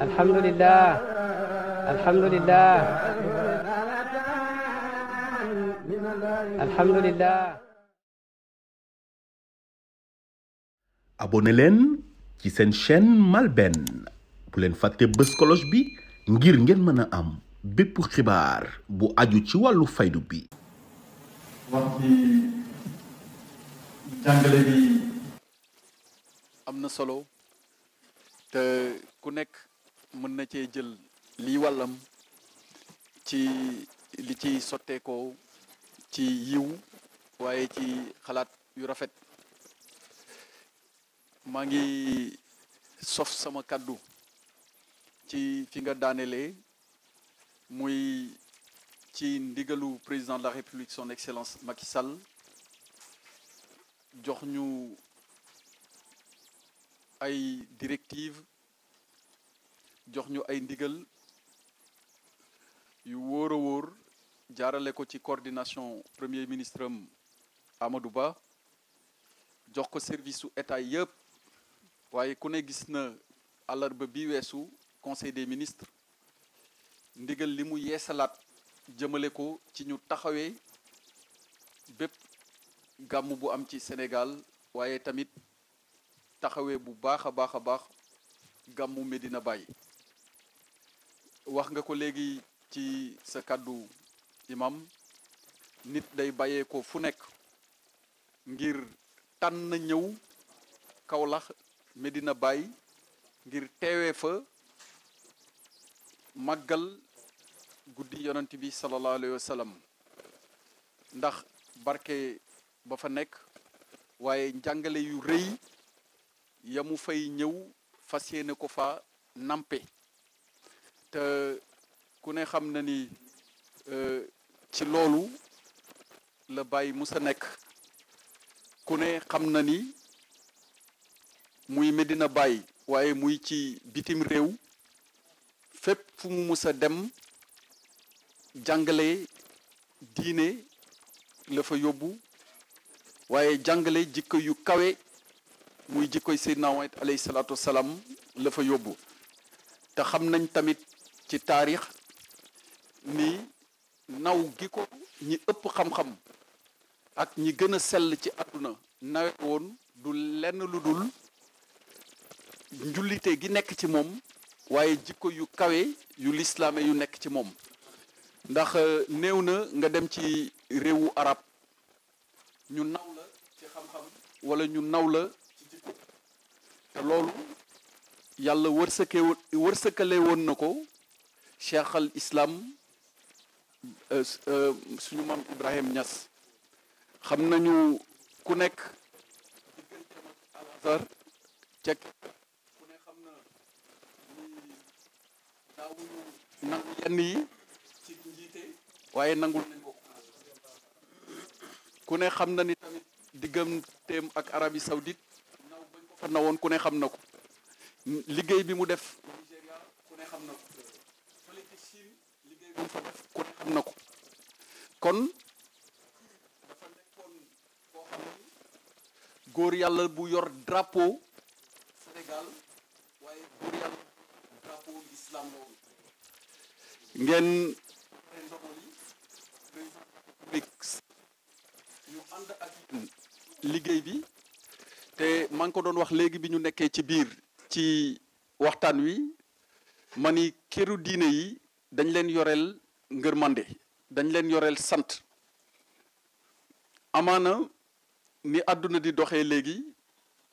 alhamdulilah alhamdulilah alhamdulilah. abonné leen ci seen chen MALBN bu leen fàtte bës cloche bi ngir ngeen mën a am bépp xibaar bu aju ci wàllu faydu bi. am na solo te ku nekk mën na cee jël lii wàllam ci li ciy sotteekoo ci yiw waaye ci xalaat yu rafet maa ngi sof sama kàddu ci fi nga daanelee muy ci ndigalu président de la république son excellence Macky Sall jox ñu ay directives jox ñu ay ndigal yu wóor a wóor jaarale ko ci coordination premier ministre am Amadou Ba jox ko service su état yëpp waaye ku ne gis na àllarba bi weesu conseil des ministre ndigal li mu yeesalaat jëmale ko ci ñu taxawee bépp gàmm bu am ci senegal waaye tamit taxawee bu baax a baax a baax gàmmu Medina Baye wax nga ko léegi ci sa kàddu imam nit day bàyyee fu nekk ngir tànn ñëw kawlax Medina bàyyi ngir teewee fa màggal guddi yonant bi sallallahu alayhi ndax barke ba fa nekk waaye njàngale yu rëy yamu fay ñëw fas yéene ko fa nàmpe te ku ne xam na ni euh, ci loolu la Baye Moussa nekk ku ne xam na ni muy meddina bàyyi waaye muy ci bitim réew fépp fu mu Moussa dem jàngale diine la fa yóbbu waaye jàngale jikko yu kawe muy jikko Seydina Muhammad alayhi salaatu wasalaam lafa yóbbu te xam nañ tamit ci taarix ni naw gi ko ñi ëpp xam-xam ak ñi gën a sell ci àdduna nawe woon du lenn lu dul njullite gi nekk ci moom waaye jikko yu kawe yu lislaame yu nekk ci moom ndax euh, néew na nga dem ci réewu arab ñu naw la ci xam-xam wala ñu naw la te loolu yàlla wërsëke wërsëkale woon na ko cheikh al islam euh, euh, suñu maam Ibrahim ñas xam nañu ku nekk diggante cek nangu yenn yi ci njiite waaye nangul nañ ko ku xam na ni tamit digganteem ak Arabie Saoudite fa na woon ku ne xam na ko liggéey bi mu def Nigéria ku ne xam na ko na ko kon góor yàlla bu yor drapeau Sénégal waaye góor ngeen liggéey bi te maa ngi ko doon wax léegi bi ñu nekkee ci biir ci waxtaan wi mani këru diine yi dañ leen yoreel ngërmande dañ leen yoreel sant amaana ni àdduna di doxee léegi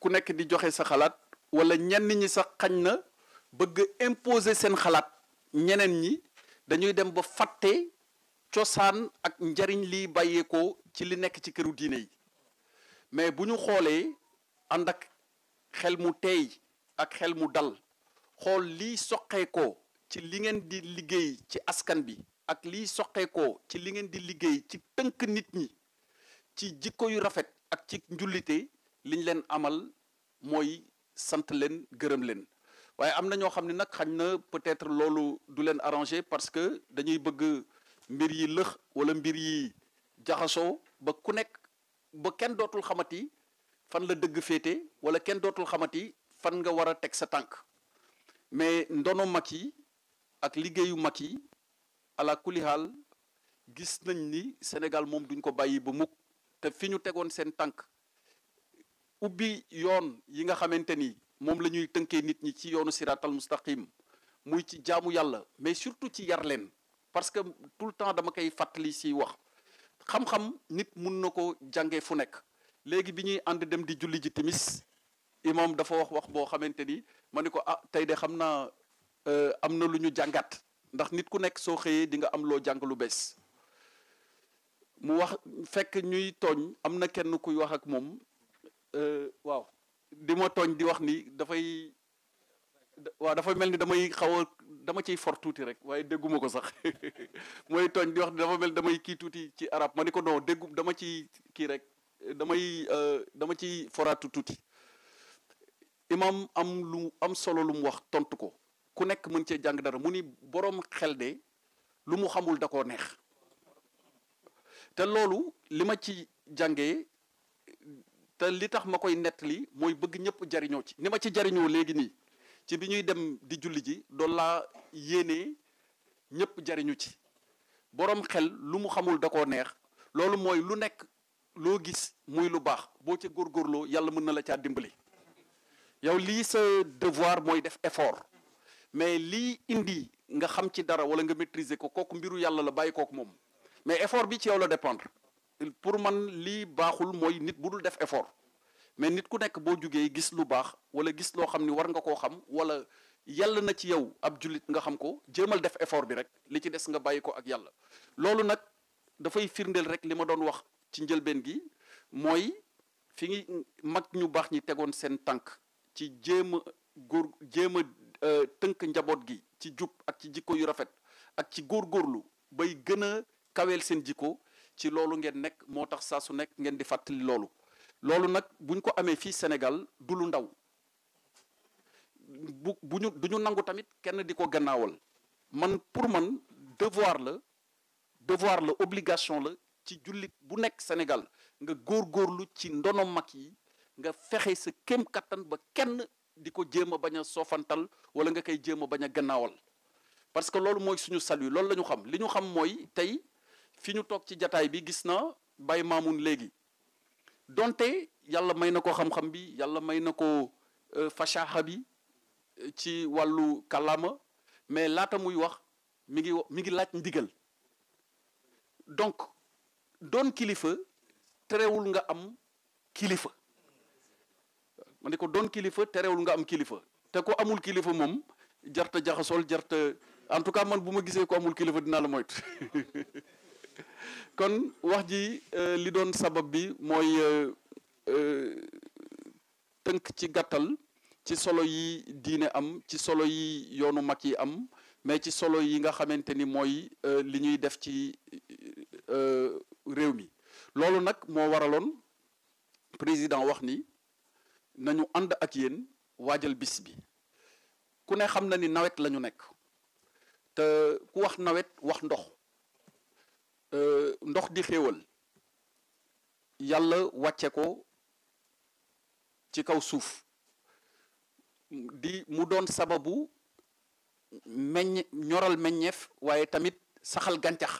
ku nekk di joxe sa xalaat wala ñenn ñi sax xañ na bëgg imposer seen xalaat ñeneen ñi dañuy dem ba fàtte cosaan ak njariñ liy bàyyeekoo ci li nekk ci këru diine yi mais bu ñu xoolee ànd ak xel mu teey ak xel mu dal xool liy soqeekoo ci li ngeen di liggéey ci askan bi ak liy soqeekoo ci li ngeen di liggéey ci tënk nit ñi ci jikko yu rafet ak ci njullite liñ leen amal mooy sant leen gërëm leen waaye am na ñoo xam ne nag xañ na peut-être loolu du leen arrangé parce que dañuy bëgg mbir yi lëx wala mbir yi jaxasoo ba ku nekk ba kenn dootul xamati fan la dëgg féete wala kenn dootul xamati fan nga war a teg sa tànk mais ndono mag yi ak liggéeyu mag yi ala kulihal gis nañ ni Sénégal moom duñ ko bàyyi ba mukk te fi ñu tegoon seen tànk ubbi yoon yi nga xamante ni moom la ñuy tënkee nit ñi ci yoonu siratal mustaqim muy ci jaamu yàlla mais surtout ci yar leen parce que tout le temps dama koy fàttali si wax xam-xam nit mun na ko jànge fu nekk léegi bi ñuy ànd dem di julli ji timis moom dafa wax wax boo xamante ni ma ni ko ah tey de xam naa euh, am na lu ñu jàngat ndax nit ku nekk soo xëyee di nga am loo jàng lu bees mu wax fekk ñuy tooñ am na kenn kuy wax ak moom euh, waaw di ma tooñ di wax nii dafay waaw dafa mel ni damay xawa dama ciy for tuuti rek waaye dégguma ko sax mooy tooñ di wax ni dafa mel damay kii tuuti ci arab ma ni ko non déggu dama ciy kii rek damay euh, dama ci foraatu tuuti imam am lu am solo lu mu wax tontu ko ku nekk mën cee jàng dara mu ni boroom xel de lu mu xamul da koo neex te loolu li ma ci jàngee te li tax ma koy nettali mooy bëgg ñëpp jariñoo ci ni ma ci jariñoo léegi nii ci bi ñuy dem di julli ji doon laa yéene ñëpp jariñu ci boroom xel lu mu xamul da koo neex loolu mooy lu nekk loo gis muy lu baax boo ca góorgóorloo yàlla mën na la caa dimbali yow lii sa devoir mooy def effort mais lii indi nga xam ci dara wala nga maîtriser ko kooku mbiru yàlla la bàyyi kooku moom mais effort bi ci yow la dépendre pour man lii baaxul mooy nit bu dul def effort mais nit ku nekk boo jugee gis lu baax wala gis loo xam ni war nga koo xam wala yàlla na ci yow ab jullit nga xam ko jéemal def effort bi rek li ci des nga bàyyi ko ak yàlla loolu nag dafay firndeel rek li ma doon wax ci njëlbeen gi mooy fi ngi mag ñu baax ñi tegoon seen tànk ci jéem a góor jéem euh, tënk njaboot gi ci jub ak ci jikko yu rafet ak ci góor góorlu bay gën a kaweel seen jikko ci loolu ngeen nekk moo tax saa su nekk ngeen di fàttali loolu loolu nag buñ ko amee fii senegal du lu ndaw bu bu ñu du ñu nangu tamit kenn di ko gannaawal man pour man devoir la devoir la obligation la ci jullit bu nekk Sénégal nga góor góorgóorlu ci ndono mag yi nga fexe sa kéem kattan ba kenn di ko jéem a bañ a wala nga koy jéem a bañ a gannaawal parce que loolu mooy suñu salut loolu la ñu xam li ñu xam mooy tey fi ñu toog ci jataay bi gis na Baye Mamoun léegi donte yàlla may na ko xam-xam bi yàlla may na ko euh, fasaxa bi euh, ci wàllu kàllaama mais laata muy wax mi ngi mi ngi laaj ndigal doon kilifa terewul nga am kilifa ma ne ko doon kilifa terewul nga am kilifa te ko amul kilifa moom jarta jaxasool jarta en tout cas man bu ma gisee ko amul kilifa dina la moytu kon wax ji euh, li doon sabab bi mooy euh, euh, tënk ci gàttal ci solo yi diine am ci solo yi yoonu mag yi am mais ci solo yi nga xamante ni mooy li ñuy def ci réew mi loolu nag moo waraloon président wax ni nañu ànd ak yéen waajal bis bi ku ne xam na ni nawet lañu nekk te ku wax nawet wax ndox ndox di xéewal yàlla wàcce ko ci kaw suuf di mu doon sababu meññ ñoral meññeef waaye tamit saxal gàncax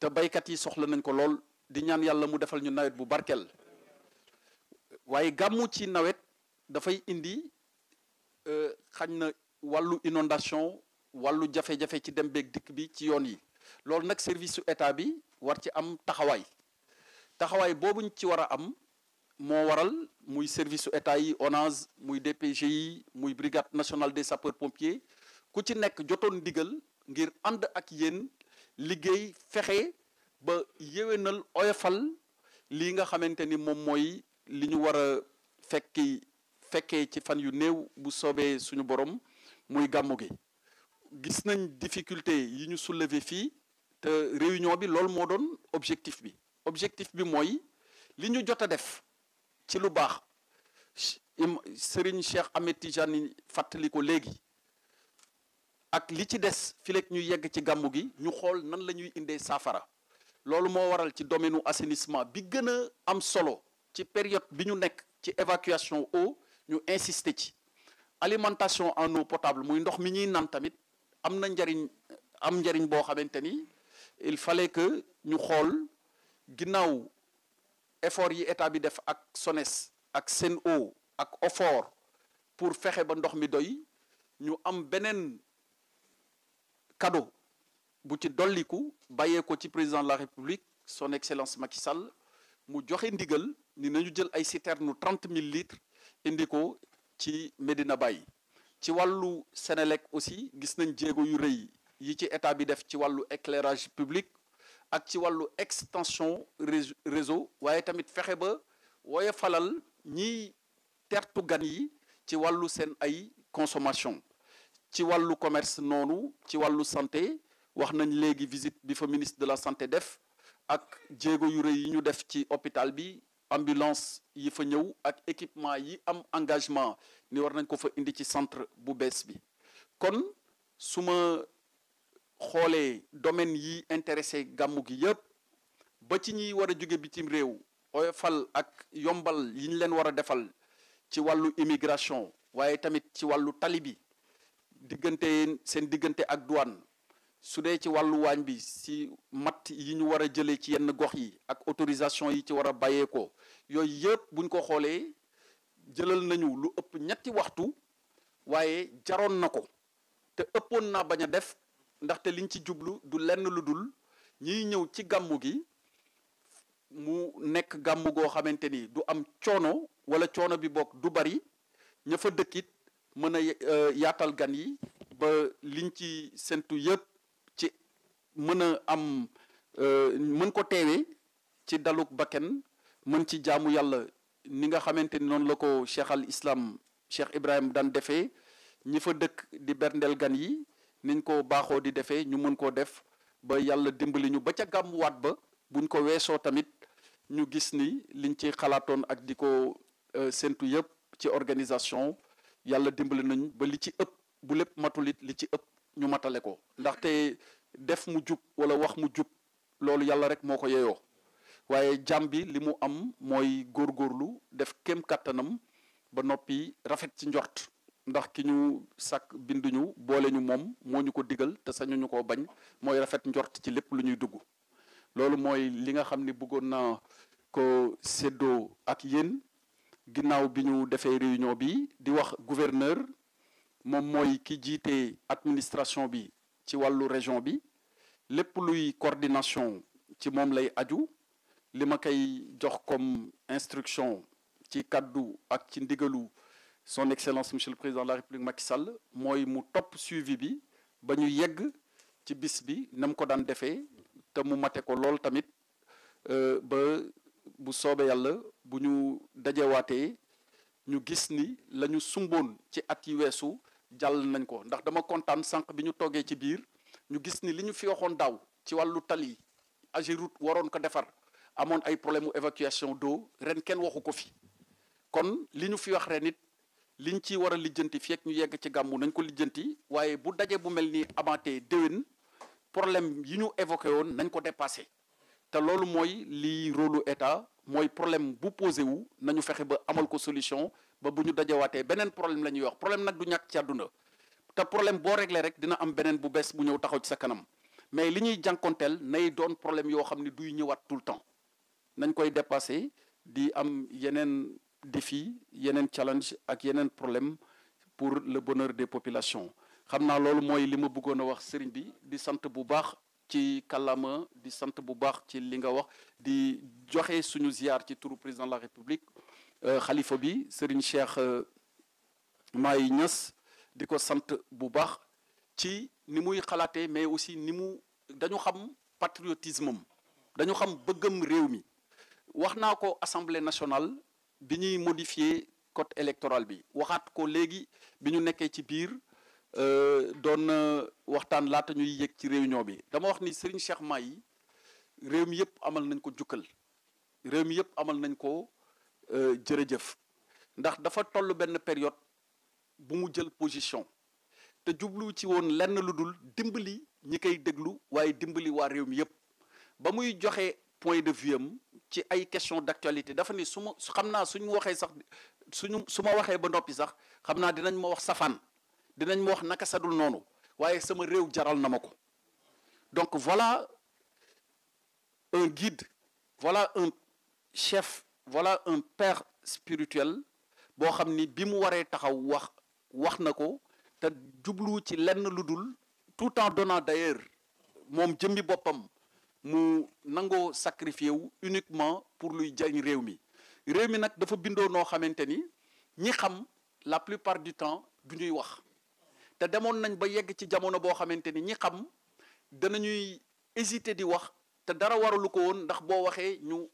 te baykat yi soxla nañ ko lool di ñaan yàlla mu defal ñu nawet bu barkeel waaye gàmmu ci nawet dafay indi euh, xañ na wàllu inondation wàllu jafe-jafe ci dem beeg dikk bi ci yoon yi loolu nag service su état bi war ci am taxawaay taxawaay boobuñ ci war a am moo waral muy service su état yi ONAS muy DPGI muy brigade nationale des sapeurs pompiers ku ci nekk jotoon ndigal ngir ànd ak yéen liggéey fexe ba yéwénal oyofal lii nga xamante ni moom mooy li ñu war a fekki fekkee ci fan yu néew bu soobee suñu borom muy gàmmu gi gis nañ difficulté yi ñu soulever fii te réunion bi loolu moo doon objectif bi objectif bi mooy li ñu jot a def ci lu baax Serigne Cheikh Ahmed Tidiane fàttali ko léegi ak li ci des fileeg ñu yegg ci gàmmu gi ñu xool nan la ñuy indee saafara loolu moo waral ci domaine u assainissement bi gën a am solo ci période bi ñu nekk ci évacuation eau ñu insister ci alimentation en eau potable muy ndox mi ñuy nan tamit am na njariñ am njariñ boo xamante ni il fallait que ñu xool ginnaaw effort yi état bi def ak SONES ak seen Sen'Eau ak ofoor pour fexe ba ndox mi doy ñu am beneen cadeau bu ci dolliku bàyyee ko ci président de la république son excellence Macky Sall mu joxe ndigal ni nañu jël ay citernes trente mille litres indi ko ci Medina Baye ci wàllu Sénélec aussi gis nañ jéego yu rëy yi ci état bi def ci wàllu éclairage public ak ci wàllu extension réseau waaye tamit fexe ba wooye falal ñiy tertu gan yi ci wàllu seen ay consomation ci wàllu commerce noonu ci wàllu santé wax nañ léegi visite bi fa ministre de la santé def ak jéego yu rëy yi ñu def ci hôpital bi ambulance yi fa ñëw ak équipement yi am engagement ni war nañ ko fa indi ci centre bu bees bi kon su ma xoolee domaine yi intéressé gàmmu gi yëpp ba ci ñiy war a jóge bitim réew oyofal ak yombal yi ñu leen war a defal ci wàllu immigration waaye tamit ci wàllu tali bi diggante seen diggante ak douane su dee ci wàllu waañ bi si matt yi ñu war a jëlee ci yenn gox yi ak autorisation yi ci war a bàyyeekoo yooyu yëpp buñ ko xoolee jëlal nañu lu ëpp ñetti waxtu waaye jaroon na ko te ëppoon naa bañ a def ndaxte liñ ci jublu du lenn lu dul ñiy ñëw ci gàmmu gi mu nekk gàmmu goo xamante ni du am coono wala coono bi bokk du bari ña fa dëkkit mën a euh, yaatal gan yi ba liñ ci sentu yëpp ci mën a am euh, mën ko teewee ci daluk bakken mën ci jaamu yàlla ni nga xamante ni noonu la ko cheikh al islam cheikh ibrahim daan defee ñi fa dëkk di berndeel gan yi niñ ko baaxoo di defee ñu mën koo def ba yàlla dimbali ñu ba ca gàmmuwaat ba buñ ko weesoo tamit ñu gis ni liñ ci xalaatoon ak di ko euh, séntu yëpp ci organisation yàlla dimbali nañ ba li ci ëpp bu lépp matulit li ci ëpp ñu matale ko ndaxte def mu jub wala wax mu jub loolu yàlla rek moo ko yeyoo waaye jàmm bi li mu am mooy góorgóorlu def kem kàttanam ba noppi rafet ci njort ndax ki ñu sàkk binduñu boole ñu moom moo ñu ko digal te sañuñu ko bañ mooy rafet njort ci lépp lu ñuy dugg loolu mooy li nga xam ne bëggoon naa ko séddoo ak yéen ginnaaw bi ñu defee réunion bi di wax gouverneur moom mooy ki jiite administration bi ci wàllu région bi lépp luy coordination ci moom lay aju li ma koy jox comme instruction ci kàddu ak ci ndigalu son excellence monsieur le président de la république Macky Sall mooy mu topp suivi bi ba ñu yegg ci bis bi na ko daan defee te mu mate ko lool tamit euh, ba bu soobee yàlla bu ñu dajewaatee ñu gis ni la ñu sumboon ci at yi weesu jàll nañ ko ndax dama kontaan sànq bi ñu toogee ci biir ñu gis ni li ñu fi waxoon daaw ci wàllu tali Ageroute waroon ko defar amoon ay problème mu évacuation do ren kenn waxu ko fi kon li ñu fi wax ren it liñ ci war a lijjanti fiyeek ñu yegg ci gàmmu nañ ko lijjanti waaye bu daje bu mel ni amaatee déwén problème yi ñu évoqué woon nañ ko dépassé te loolu mooy lii rôlu état mooy problème bu posé wu nañu fexe ba amal ko solution ba bu ñu waatee beneen problème la ñuy wax problème nag du ñàkk ci àdduna te problème boo réglé rek dina am beneen bu bees bu ñëw taxaw ci sa kanam mais li ñuy jànkonteel nay doon problème yoo xam ne duy ñëwaat tout nañ koy dépassé di am yeneen défi yeneen challenge ak yeneen problème pour le bonheur des population xam naa loolu mooy li ma bëggoon a wax sëriñ bi di sant bu baax ci kàllaama di sant bu baax ci li nga wax di joxe suñu ziar ci turu président de la république euh, xalifa bi Serigne Cheikh euh, Mahi ñës di ko sant bu baax ci ni muy xalaatee mais aussi ni mu dañu xam patriotisme am dañu xam bëggam réew mi wax naa ko assemblée nationale bi ñuy modifier code électoral bi waxaat ko léegi bi ñu nekkee ci biir. Euh, doon na waxtaan laata ñuy yëg ci réunion bi dama wax ni Serigne Cheikh Mahi réew mi yëpp amal nañ ko jukkal réew mi yëpp amal nañ ko euh, jërëjëf ndax dafa toll benn période bu mu jël position te jublu ci woon lenn lu dul dimbali ñi koy déglu waaye dimbali waa réew mi yëpp ba muy joxe point de vue am ci ay question d'actualité dafa ni su ma xam naa suñu waxee sax suñu su ma waxee ba noppi sax xam naa dinañ ma wax safaan dinañ ma wax naka sadul noonu waaye sama réew jaral na ma ko donc voilà un guide voilà un chef voilà un père spirituel boo xam ni bi mu waree taxaw wax wax na ko te jublu ci lenn lu dul tout temps donnant d'ailleurs moom jëmmi boppam mu nangoo sacrifié wu uniquement pour luy jariñ réew mi réew mi nag dafa bindoo noo xamante ni ñi xam la plupart du temps du ñuy wax te demoon nañ ba yegg ci jamono boo xamante ni ñi xam danañuy hésiter di wax te dara waralu ko woon ndax boo waxee ñu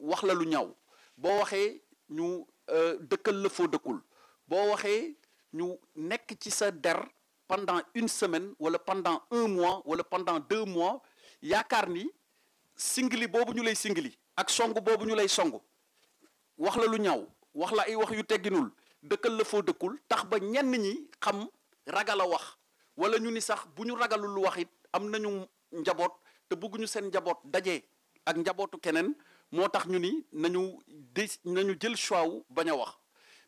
wax la lu ñaw boo waxee ñu euh, dëkkal la foo dëkkul boo waxee ñu nekk ci sa der pendant une semaine wala pendant un mois wala pendant deux mois yaakaar ni singli boobu ñu lay singli ak song boobu ñu lay song wax la lu ñaw wax la ay wax yu tegginul dëkkal la foo dëkkul tax ba ñenn ñi xam ragala wax wala ñu ni sax bu ñu ragalul wax it am nañu njaboot te bëgguñu seen njaboot daje ak njabootu keneen moo tax ñu ni nañu di nañu jël choix wu bañ a wax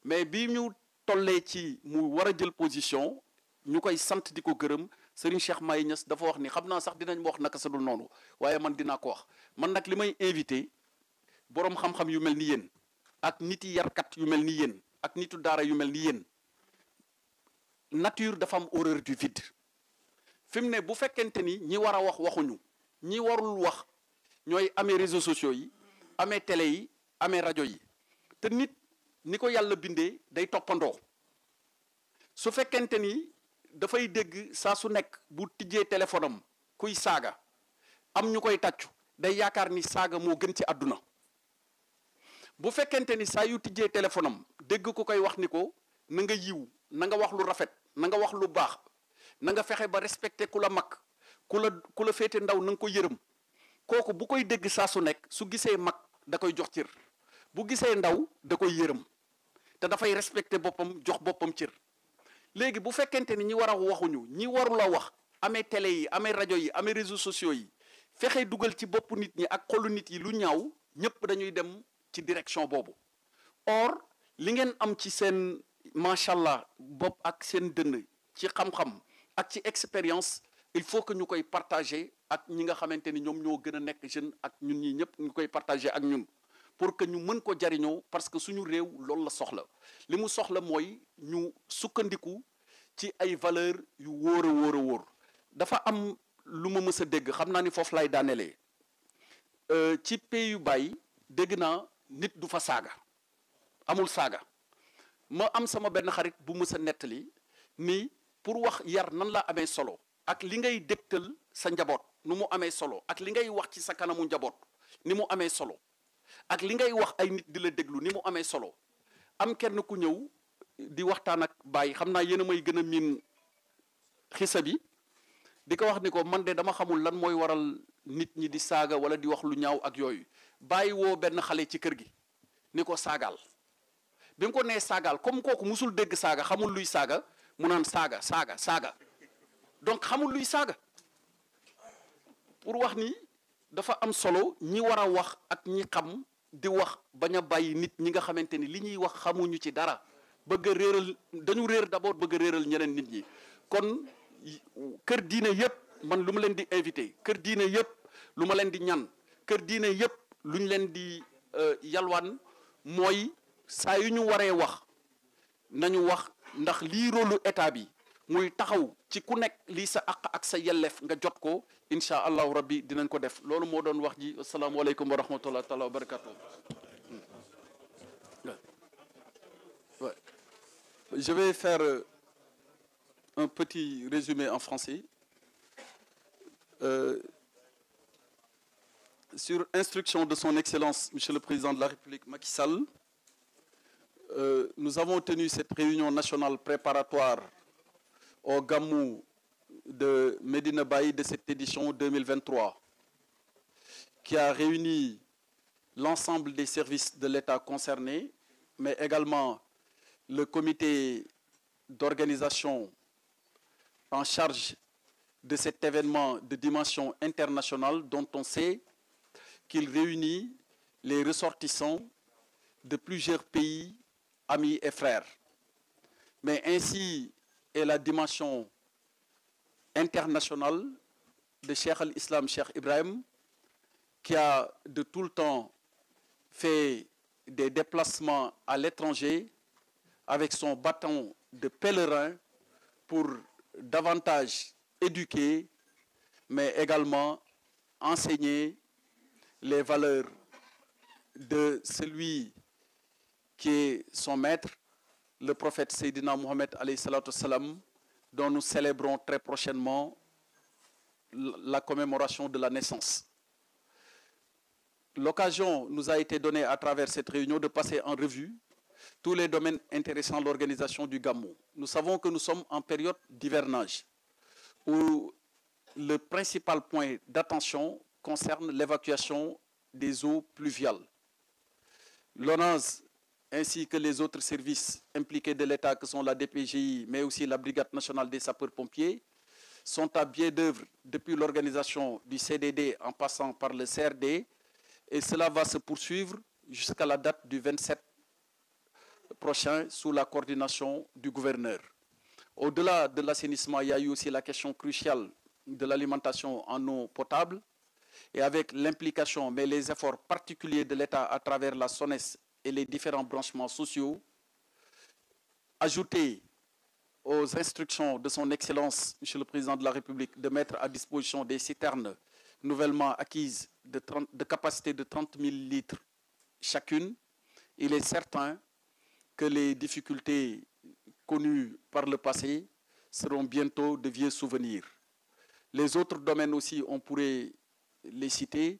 mais bi ñu tollee ci mu war a jël position ñu koy sant di ko gërëm Serigne Cheikh Maye Niass dafa wax ni xam naa sax dinañ ma wax naka sa noonu waaye man dinaa ko wax man nag li may invité boroom xam-xam yu mel ni yéen ak nit yi yarkat yu mel ni yéen ak nitu daara yu mel ni yéen nature dafa am horreur du vide fi mu ne bu fekkente ni ñi war a wax waxuñu ñi warul wax ñooy amee réseaux sociaux yi amee tele yi amee rajo yi te nit ni ko yàlla bindee day toppandoo su fekkente ni dafay dégg saa su nekk bu tijjee téléphone am kuy saaga am ñu koy tàccu day yaakaar ni saaga moo gën ci àdduna bu fekkente ni saa yu tijjee téléphone dégg ko koy wax ni ko na nga yiw nanga wax lu rafet na nga wax lu baax nanga fexe ba respecté ku la mag ku la ku la féete ndaw na nga ko yërëm kooku bu koy dégg saa su nekk su gisee mag da koy jox cër bu gisee ndaw da koy yërëm te dafay respecté boppam jox boppam cër léegi bu fekkente ni ñi war a waxuñu ñi warula wax amee tele yi amee rajo yi amee réseau sociaux yi fexe dugal ci bopp nit ñi ak xolu nit yi lu ñaaw ñëpp dañuy dem ci direction boobu or li ngeen am ci seen macha allah bopp ak seen dënn ci xam-xam ak ci expérience il faut que ñu koy partager ak ñi nga xamante ni ñoom ñoo gën a nekk jeune ak ñun ñi ñëpp ñu koy partager ak ñun pour que ñu mën ko jariñoo parce que suñu réew loolu la soxla li mu soxla mooy ñu sukkandiku ci ay valeur yu wóor a wóor a wóor dafa am lu ma mës a dégg xam naa ni foofu lay daanelee euh, ci pays yu bàyyi dégg naa nit du fa saaga amul saaga ma am sama benn xarit bu mës a nettali ni pour wax yar nan laa amee solo ak li ngay dégtal sa njaboot nu mu amee solo ak li ngay wax ci sa kanamu njaboot ni mu amee solo ak li ngay wax ay nit di la déglu ni mu amee solo am kenn ku ñëw di waxtaan ak bàyyi xam naa yéen may gën a miin xisa bi di ko wax ni ko man de dama xamul lan mooy waral nit ñi di saaga wala di wax lu ñaaw ak yooyu bàyyi woo benn xale ci kër gi ni ko saagaal bi mu ko nee saagaal comme kooku musul dégg saaga xamul luy saaga mu naan saaga saaga saaga donc xamul luy saaga pour wax ni dafa am solo ñi war a wax ak ñi xam di wax bañ a bàyyi nit ñi nga xamante ni li ñuy wax xamuñu ci dara bëgg réeral dañu réer d'abord bëgg réeral ñeneen nit ñi kon kër diine yépp man lu ma leen di invité kër diine yépp lu ma leen di ñan kër diine yépp lu ñu leen di euh, yalwaan mooy saa yu ñu waree wax nañu wax ndax lii rôlu état bi muy taxaw ci ku nekk lii sa àq ak sa yelleef nga jot ko incha allahu rabbi dinañ ko def loolu moo doon wax ji asalaamualeykum wa rahmatullah taala wa barakatu je vais faire euh, un petit résumé en français euh, sur instruction de son excellence monsieur le président de la république Macky Sall euh, nous avons tenu cette nationale préparatoire au Gamou de Medina Baye de cette édition 2023, qui a réuni l'ensemble des services de l'État concernés, mais également le comité d'organisation en charge de cet événement de dimension internationale dont on sait qu'il de plusieurs pays amis et frères. Mais ainsi est la dimension internationale de Cheikh al-Islam, Cheikh Ibrahim, qui a de tout le temps fait des déplacements à l'étranger avec son bâton de pèlerin pour davantage éduquer, mais également enseigner les valeurs de celui qui est son maître, le prophète Seydina Mohamed salam, dont nous célébrons très prochainement la commémoration de la naissance. L'occasion nous a été donnée à travers cette réunion de passer en revue tous les domaines intéressant l'organisation du GAMO. Nous savons que nous sommes en période d'hivernage, où le principal point d'attention concerne l'évacuation des eaux pluviales. L'ONAS ainsi que les autres services impliqués de l'État que sont la DPGI, aussi la Brigade nationale des sapeurs sont à biais d'œuvre depuis l'organisation du CDD en passant par le CRD, et cela va se poursuivre jusqu'à la date du 27 prochain sous la coordination du gouverneur. au de l'assainissement, il y a eu aussi la question cruciale de l'alimentation en eau potable et l'implication, mais les efforts particuliers de l'État à travers la SONES et les différents branchements sociaux, ajouter aux instructions de son Excellence, Monsieur le Président de la République, de mettre à disposition des citernes nouvellement acquises de, 30, de capacité de 30 000 litres chacune, il est certain que les difficultés connues par le passé seront bientôt de vieux souvenirs. Les autres domaines aussi, on pourrait les citer,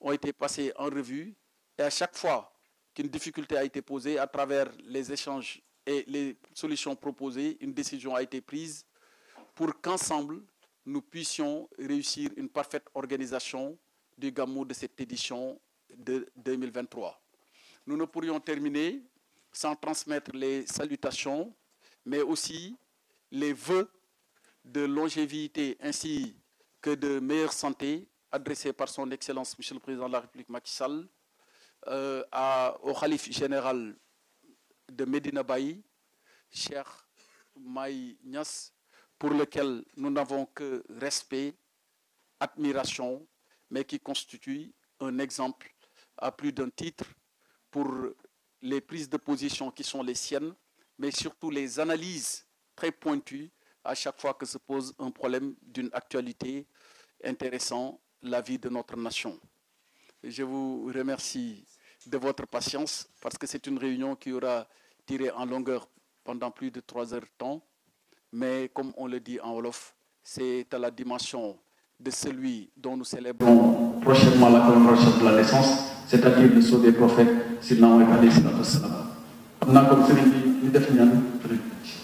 ont été passés en revue et à chaque fois, qu'une difficulté a été à travers les échanges et les solutions proposées, une décision a été prise pour qu'ensemble, nous une parfaite organisation du Gamou de cette édition de 2023. Nous ne pourrions terminer sans transmettre les salutations, mais aussi les vœux de longévité ainsi que de meilleure santé adressés par son Excellence Monsieur le Président de la euh, à, au khalife général de Medina Baye, Cheikh Maï Nias, pour lequel nous n'avons que respect, admiration, mais qui constitue un exemple à plus d'un titre pour les prises de position qui sont les siennes, mais surtout les analyses très pointues à chaque fois que se pose un problème d'une actualité intéressant la vie de notre nation. je vous remercie de votre patience parce que c'est une réunion qui aura tiré en longueur pendant plus de trois heures de temps. Mais comme on le dit en Wolof, c'est à la dimension de celui dont nous célébrons prochainement la naissance, c'est-à-dire le saut des prophètes, s'il n'en est pas des Am naa comme sëriñ bi ñu def ñaan